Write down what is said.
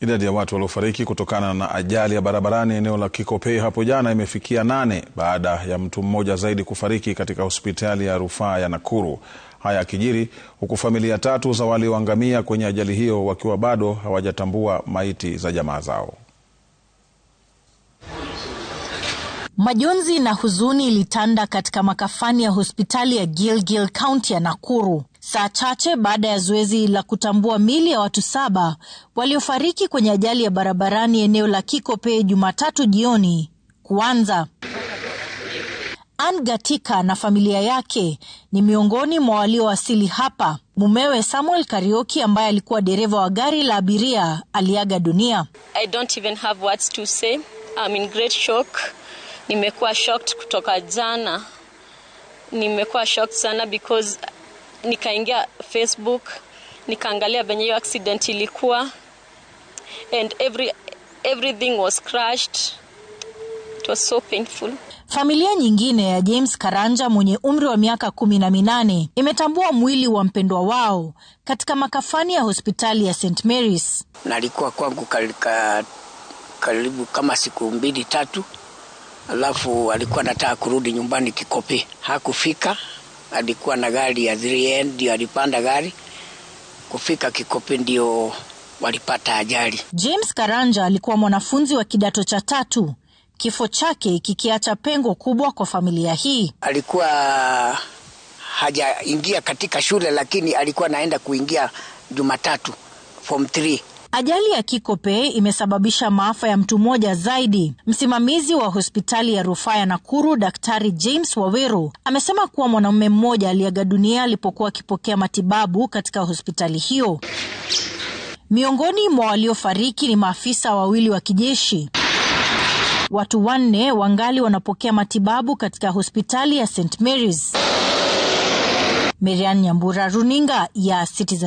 Idadi ya watu waliofariki kutokana na ajali ya barabarani eneo la Kikopey hapo jana imefikia nane baada ya mtu mmoja zaidi kufariki katika hospitali ya rufaa ya Nakuru. Haya yakijiri huku familia tatu za walioangamia kwenye ajali hiyo wakiwa bado hawajatambua maiti za jamaa zao. Majonzi na huzuni ilitanda katika makafani ya hospitali ya Gilgil, kaunti ya Nakuru saa chache baada ya zoezi la kutambua mili ya watu saba waliofariki kwenye ajali ya barabarani eneo la Kikope Jumatatu jioni kuanza. Ann Gatika na familia yake ni miongoni mwa waliowasili hapa. Mumewe Samuel Karioki ambaye alikuwa dereva wa gari la abiria aliaga dunia. I don't even have words to say. I'm in great shock. Nimekuwa shocked kutoka jana. Nimekuwa shocked sana because nikaingia Facebook nikaangalia venye hiyo accident ilikuwa and every, everything was crashed it was so painful Familia nyingine ya James Karanja mwenye umri wa miaka kumi na minane imetambua mwili wa mpendwa wao katika makafani ya hospitali ya St Mary's. Nalikuwa kwangu kalika, karibu kama siku mbili tatu, alafu alikuwa anataka kurudi nyumbani Kikopi, hakufika alikuwa na gari ya 3N ndio alipanda gari kufika Kikopi ndio walipata ajali. James Karanja alikuwa mwanafunzi wa kidato cha tatu, kifo chake kikiacha pengo kubwa kwa familia hii. Alikuwa hajaingia katika shule, lakini alikuwa anaenda kuingia Jumatatu form 3 Ajali ya kikope imesababisha maafa ya mtu mmoja zaidi. Msimamizi wa hospitali ya rufaa ya Nakuru, Daktari James Waweru, amesema kuwa mwanamume mmoja aliaga dunia alipokuwa akipokea matibabu katika hospitali hiyo. Miongoni mwa waliofariki ni maafisa wawili wa kijeshi. Watu wanne wangali wanapokea matibabu katika hospitali ya St Mary's. Merian Nyambura, runinga ya Citizen.